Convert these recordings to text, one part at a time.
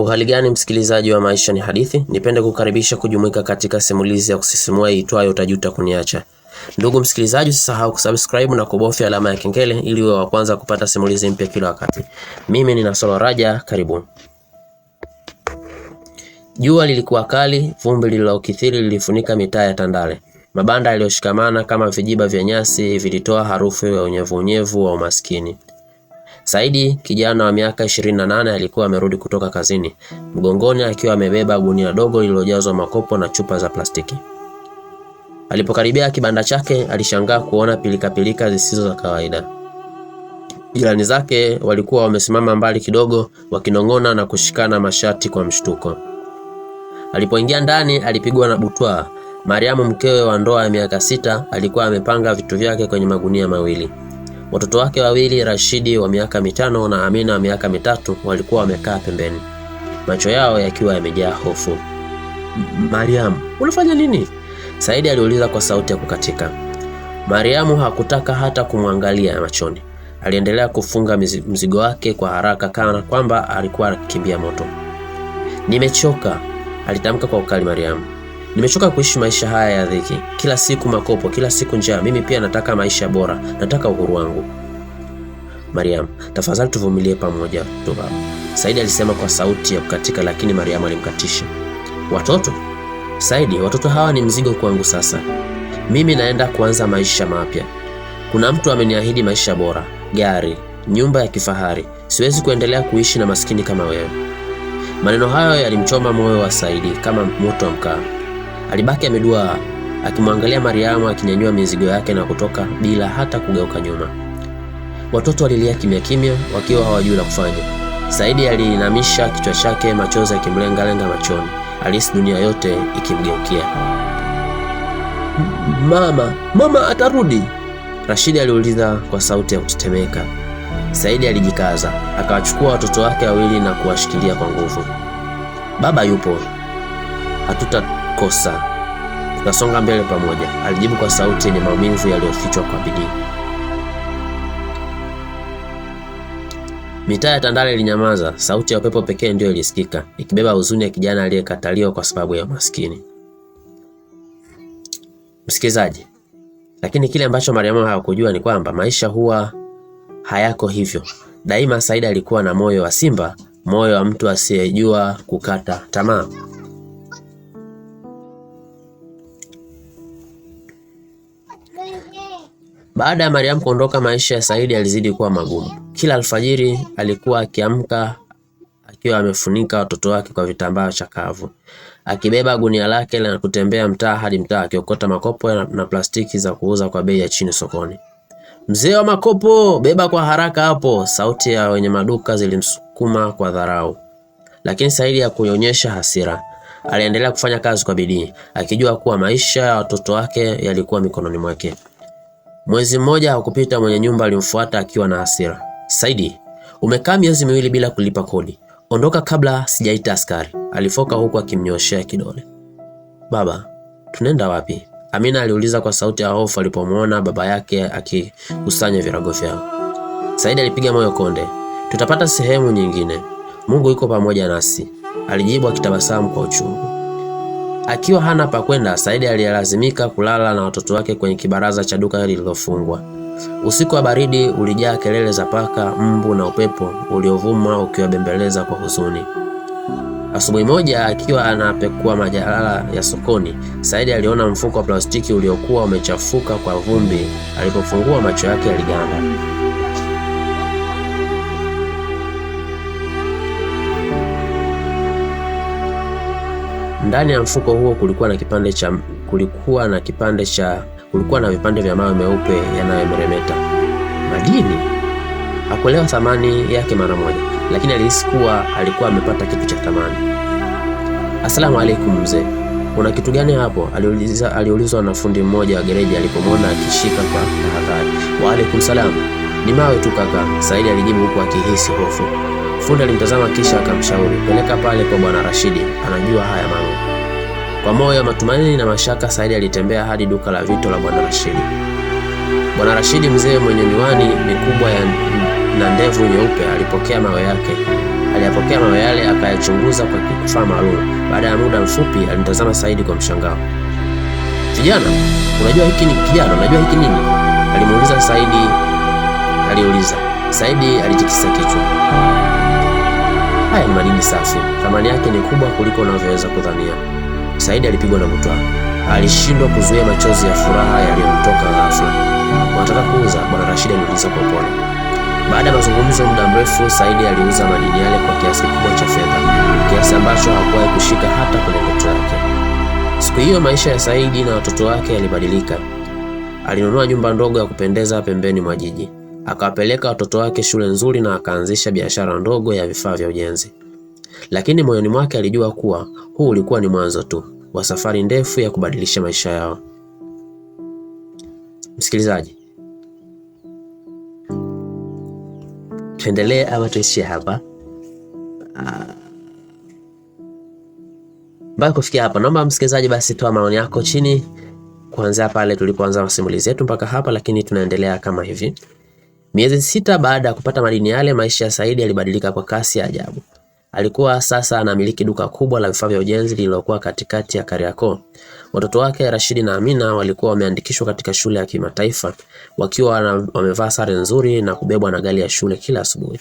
Uhali gani msikilizaji wa Maisha ni Hadithi, nipende kukaribisha kujumuika katika simulizi ya kusisimua iitwayo Utajuta Kuniacha. Ndugu msikilizaji, usisahau kusubscribe na kubofya alama ya kengele ili uwe wa kwanza kupata simulizi mpya kila wakati. Mimi ni Nasolo Raja, karibu. Jua lilikuwa kali, vumbi lililokithiri lilifunika mitaa ya Tandale. Mabanda yaliyoshikamana kama vijiba vya nyasi vilitoa harufu ya unyevunyevu wa umaskini. Saidi, kijana wa miaka 28, alikuwa amerudi kutoka kazini, mgongoni akiwa amebeba gunia dogo lililojazwa makopo na chupa za plastiki. Alipokaribia kibanda chake, alishangaa kuona pilikapilika zisizo za kawaida. Jirani zake walikuwa wamesimama mbali kidogo, wakinong'ona na kushikana mashati kwa mshtuko. Alipoingia ndani, alipigwa na butwa. Mariamu, mkewe wa ndoa ya miaka sita, alikuwa amepanga vitu vyake kwenye magunia mawili. Watoto wake wawili Rashidi wa miaka mitano na Amina wa miaka mitatu walikuwa wamekaa pembeni, macho yao yakiwa yamejaa hofu. Mariamu, unafanya nini? Saidi aliuliza kwa sauti ya kukatika. Mariamu hakutaka hata kumwangalia machoni. Aliendelea kufunga mzigo wake kwa haraka kana kwamba alikuwa akikimbia moto. Nimechoka, alitamka kwa ukali Mariamu. Nimechoka kuishi maisha haya ya dhiki, kila siku makopo, kila siku njaa. Mimi pia nataka maisha bora, nataka uhuru wangu. Mariam, tafadhali tuvumilie pamoja tu baba, Saidi alisema kwa sauti ya kukatika, lakini Mariam alimkatisha. Watoto Saidi, watoto hawa ni mzigo kwangu. Sasa mimi naenda kuanza maisha mapya. Kuna mtu ameniahidi maisha bora, gari, nyumba ya kifahari. Siwezi kuendelea kuishi na maskini kama wewe. Maneno hayo yalimchoma moyo wa Saidi kama moto wa mkaa. Alibaki ameduaa akimwangalia Mariamu akinyanyua mizigo yake na kutoka bila hata kugeuka nyuma. Watoto walilia kimya kimya, wakiwa hawajui la kufanya. Saidi aliinamisha kichwa chake, machozi lenga machoni. Alihisi dunia yote ikimgeukia. Mama, mama atarudi? Rashidi aliuliza kwa sauti ya kutetemeka. Saidi alijikaza, akawachukua watoto wake wawili na kuwashikilia kwa nguvu. Baba yupo, hatuta Umekosa, tunasonga mbele pamoja, alijibu kwa sauti yenye maumivu yaliyofichwa kwa bidii. Mitaa ya Tandale ilinyamaza, sauti ya upepo pekee ndiyo ilisikika, ikibeba huzuni ya kijana aliyekataliwa kwa sababu ya umaskini. Msikilizaji, lakini kile ambacho Mariamu hawakujua ni kwamba maisha huwa hayako hivyo daima. Saida alikuwa na moyo wa simba, moyo wa mtu asiyejua kukata tamaa. Baada ya Mariam kuondoka, maisha ya Saidi alizidi kuwa magumu. Kila alfajiri alikuwa akiamka akiwa amefunika watoto wake kwa vitambaa chakavu, akibeba gunia lake na kutembea mtaa hadi mtaa akiokota makopo na plastiki za kuuza kwa bei ya chini sokoni. Mzee wa makopo, beba kwa haraka hapo! Sauti ya wenye maduka zilimsukuma kwa dharau, lakini Saidi hakuonyesha hasira. Aliendelea kufanya kazi kwa bidii, akijua kuwa maisha ya watoto wake yalikuwa mikononi mwake. Mwezi mmoja haukupita, mwenye nyumba alimfuata akiwa na hasira. Saidi, umekaa miezi miwili bila kulipa kodi, ondoka kabla sijaita askari, alifoka huku akimnyoshea kidole. Baba, tunaenda wapi? Amina aliuliza kwa sauti ya hofu alipomwona baba yake akikusanya virago vyao. Saidi alipiga moyo konde. Tutapata sehemu nyingine, Mungu yuko pamoja nasi, alijibu akitabasamu kwa uchungu. Akiwa hana pa kwenda, Saidi aliyelazimika kulala na watoto wake kwenye kibaraza cha duka lililofungwa. Usiku wa baridi ulijaa kelele za paka, mbu na upepo uliovuma ukiwabembeleza kwa huzuni. Asubuhi moja akiwa anapekua majalala ya sokoni, Saidi aliona mfuko wa plastiki uliokuwa umechafuka kwa vumbi. Alipofungua macho yake yaliganda. Ndani ya mfuko huo kulikuwa na kipande cha kulikuwa na kipande cha kulikuwa na vipande vya mawe meupe yanayomeremeta. Madini hakuelewa thamani yake mara moja, lakini alihisi kuwa alikuwa amepata kitu cha thamani. Asalamu alaikum mzee, kuna kitu gani hapo? aliuliza aliulizwa na fundi mmoja wa gereji alipomwona akishika kwa tahadhari. Waalaikum salam, ni mawe tu kaka, Saidi alijibu huku akihisi hofu. Fundi alimtazama kisha akamshauri, peleka pale kwa bwana Rashidi, anajua haya mambo. Kwa moyo wa matumaini na mashaka, Saidi alitembea hadi duka la vito la bwana Rashidi. Bwana Rashidi, mzee mwenye miwani mikubwa na ndevu nyeupe, alipokea mawe yake. Aliyapokea mawe yale, akayachunguza kwa kifaa maalum. Baada ya muda mfupi, alimtazama Saidi kwa mshangao. Kijana, unajua hiki ni kijana, unajua hiki nini? alimuuliza Saidi, aliuliza Saidi. Alitikisa kichwa. Haya ni madini safi, thamani yake ni kubwa kuliko unavyoweza kudhania. Saidi alipigwa na butwa, alishindwa kuzuia machozi ya furaha yaliyomtoka ghafla. Wanataka kuuza, bwana rashidi aliuliza kwa upole. Baada ya mazungumzo muda mrefu, Saidi aliuza madini yale kwa kiasi kikubwa cha fedha, kiasi ambacho hakuwahi kushika hata kwenye ndoto yake. Siku hiyo maisha ya Saidi na watoto wake yalibadilika. Alinunua nyumba ndogo ya kupendeza pembeni mwa jiji. Akawapeleka watoto wake shule nzuri na akaanzisha biashara ndogo ya vifaa vya ujenzi, lakini moyoni mwake alijua kuwa huu ulikuwa ni mwanzo tu wa safari ndefu ya kubadilisha maisha yao. Msikilizaji, tuendelee ama tuishie hapa? Mpaka kufikia hapa, naomba msikilizaji, basi toa maoni yako chini, kuanzia pale tulipoanza masimulizi yetu mpaka hapa, lakini tunaendelea kama hivi. Miezi sita baada ya kupata madini yale, maisha ya Saidi yalibadilika kwa kasi ya ajabu. Alikuwa sasa anamiliki duka kubwa la vifaa vya ujenzi lililokuwa katikati ya Kariakoo. Watoto wake Rashidi na Amina walikuwa wameandikishwa katika shule ya kimataifa wakiwa wamevaa sare nzuri na kubebwa na gari ya shule kila asubuhi.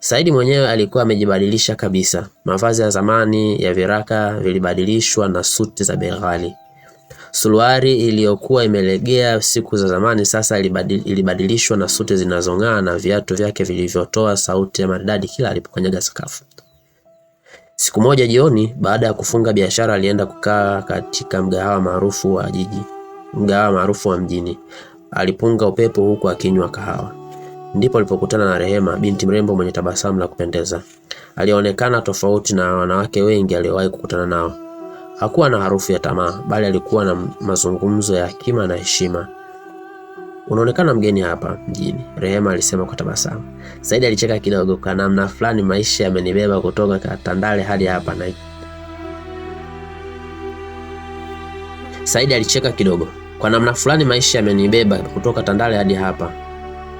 Saidi mwenyewe alikuwa amejibadilisha kabisa. Mavazi ya zamani ya viraka vilibadilishwa na suti za bei ghali. Suruali iliyokuwa imelegea siku za zamani sasa ilibadilishwa na suti zinazong'aa na viatu vyake vilivyotoa sauti ya maridadi kila alipokanyaga sakafu. Siku moja jioni, baada ya kufunga biashara, alienda kukaa katika mgahawa maarufu wa jiji, mgahawa maarufu wa mjini. Alipunga upepo huku akinywa kahawa. Ndipo alipokutana na Rehema, binti mrembo mwenye tabasamu la kupendeza. Alionekana tofauti na wanawake wengi aliowahi kukutana nao. Hakuwa na harufu ya tamaa, bali alikuwa na mazungumzo ya hekima na heshima. Unaonekana mgeni hapa mjini, Rehema alisema kwa tabasamu. Saidi alicheka kidogo. Kwa namna fulani, maisha yamenibeba kutoka Katandale hadi hapa na Saidi alicheka kidogo. Kwa namna fulani, maisha yamenibeba kutoka Tandale hadi hapa.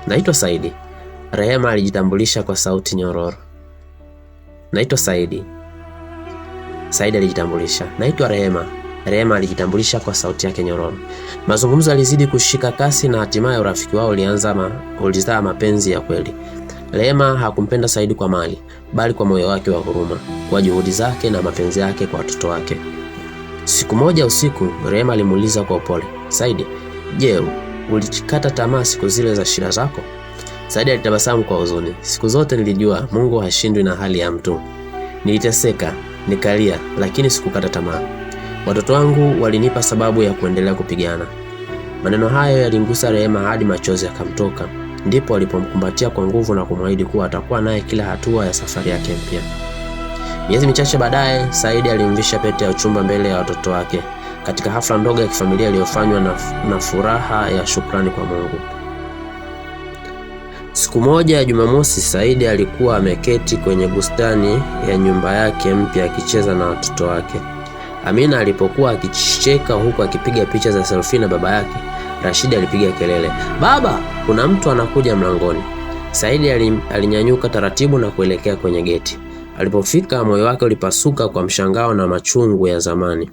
Naitwa Saidi, Rehema alijitambulisha kwa sauti nyororo. Naitwa Saidi. Saidi alijitambulisha, naitwa Rehema. Rehema alijitambulisha kwa sauti yake nyororo. Mazungumzo yalizidi kushika kasi na hatimaye urafiki wao ulianza ma, ulizaa mapenzi ya kweli. Rehema hakumpenda Saidi kwa mali, bali kwa moyo wake wa huruma, kwa juhudi zake na mapenzi yake kwa watoto wake. Siku moja usiku, Rehema alimuuliza kwa upole, Saidi, je, ulikata tamaa siku zile za shida zako? Saidi alitabasamu kwa huzuni. Siku zote nilijua Mungu hashindwi na hali ya mtu. Niliteseka, Nikalia, lakini sikukata tamaa. Watoto wangu walinipa sababu ya kuendelea kupigana. Maneno hayo yalimgusa Rehema hadi machozi yakamtoka. Ndipo alipomkumbatia kwa nguvu na kumwahidi kuwa atakuwa naye kila hatua ya safari yake mpya. Miezi michache baadaye, Saidi alimvisha pete ya uchumba mbele ya watoto wake katika hafla ndogo ya kifamilia iliyofanywa na, na furaha ya shukrani kwa Mungu. Siku moja Jumamosi, Saidi alikuwa ameketi kwenye bustani ya nyumba yake mpya akicheza na watoto wake. Amina alipokuwa akicheka huku akipiga picha za selfie na baba yake, Rashidi alipiga kelele, "Baba, kuna mtu anakuja mlangoni." Saidi alinyanyuka taratibu na kuelekea kwenye geti. Alipofika, moyo wake ulipasuka kwa mshangao na machungu ya zamani.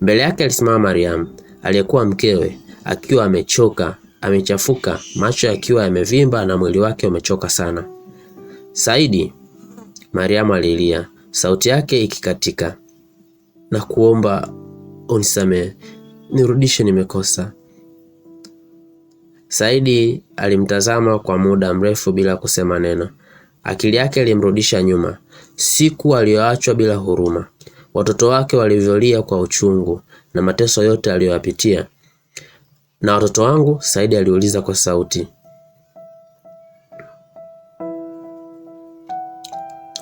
Mbele yake alisimama Mariam, aliyekuwa mkewe, akiwa amechoka amechafuka, macho yakiwa yamevimba na mwili wake umechoka sana. Saidi, Mariamu alilia, sauti yake ikikatika na kuomba, unisamehe, nirudishe, nimekosa. Saidi alimtazama kwa muda mrefu bila kusema neno. Akili yake ilimrudisha nyuma, siku aliyoachwa bila huruma, watoto wake walivyolia kwa uchungu na mateso yote aliyoyapitia na watoto wangu? Saidi aliuliza kwa sauti.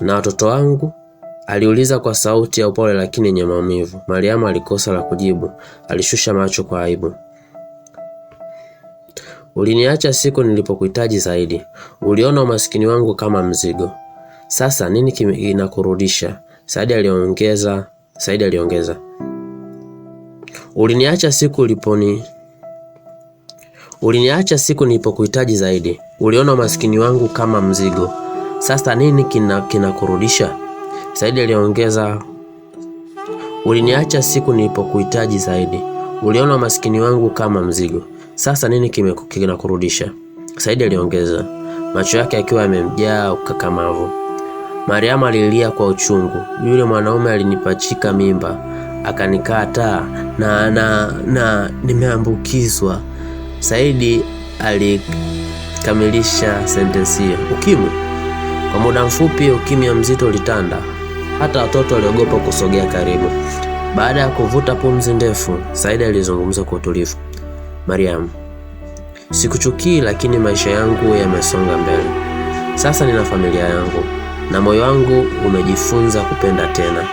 Na watoto wangu? aliuliza kwa sauti ya upole lakini yenye maumivu. Mariamu alikosa la kujibu, alishusha macho kwa aibu. Uliniacha siku nilipokuhitaji zaidi, uliona umasikini wangu kama mzigo. Sasa nini kinakurudisha? Saidi aliongeza. Saidi aliongeza, uliniacha siku uliponi Uliniacha siku nilipokuhitaji zaidi, uliona umaskini wangu kama mzigo. Sasa nini kinakurudisha? Kina Saidi aliongeza, uliniacha siku nilipokuhitaji zaidi, uliona umaskini wangu kama mzigo. Sasa nini kinakurudisha? Saidi aliongeza, macho yake akiwa yamemjaa ukakamavu. Mariamu alilia kwa uchungu, yule mwanaume alinipachika mimba akanikataa na, na, na nimeambukizwa Saidi alikamilisha sentensi hiyo. Ukimwi. Kwa muda mfupi ukimya mzito ulitanda, hata watoto waliogopa kusogea karibu. Baada ya kuvuta pumzi ndefu, Saidi alizungumza kwa utulivu, Mariam, sikuchukii, lakini maisha yangu yamesonga mbele. Sasa nina familia yangu na moyo wangu umejifunza kupenda tena,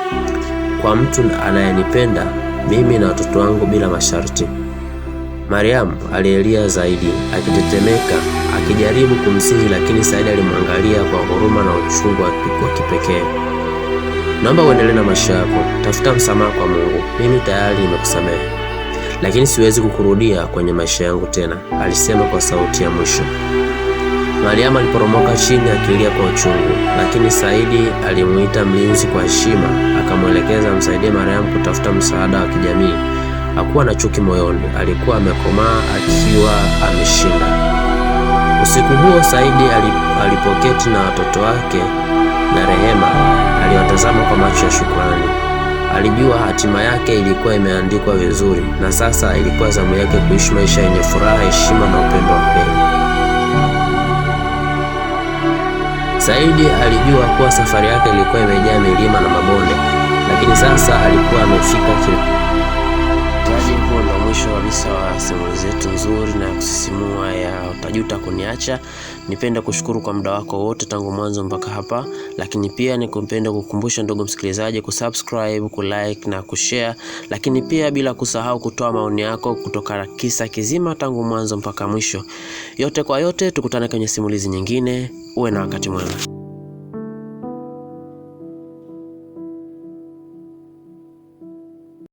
kwa mtu anayenipenda mimi na watoto wangu bila masharti. Mariamu alielia zaidi akitetemeka akijaribu kumsihi, lakini Saidi alimwangalia kwa huruma na uchungu wa kipekee. Naomba uendelee na maisha yako, tafuta msamaha kwa Mungu, mimi tayari nimekusamehe, lakini siwezi kukurudia kwenye maisha yangu tena, alisema kwa sauti ya mwisho. Mariamu aliporomoka chini akilia kwa uchungu, lakini Saidi alimuita mlinzi kwa heshima, akamwelekeza msaidie Mariamu kutafuta msaada wa kijamii Hakuwa na chuki moyoni, alikuwa amekomaa akiwa ameshinda. Usiku huo Saidi alipoketi na watoto wake na Rehema, aliwatazama kwa macho ya shukrani. Alijua hatima yake ilikuwa imeandikwa vizuri, na sasa ilikuwa zamu yake kuishi maisha yenye furaha, heshima na upendo wa kweli. Saidi alijua kuwa safari yake ilikuwa imejaa milima na mabonde, lakini sasa alikuwa amefika mwisho kabisa wa simulizi yetu nzuri na kusisimua ya utajuta kuniacha. Nipende kushukuru kwa muda wako wote tangu mwanzo mpaka hapa, lakini pia nikupenda kukumbusha ndugu msikilizaji kusubscribe, kulike na kushare, lakini pia bila kusahau kutoa maoni yako kutoka kisa kizima tangu mwanzo mpaka mwisho. Yote kwa yote, tukutane kwenye simulizi nyingine. Uwe na wakati mwema.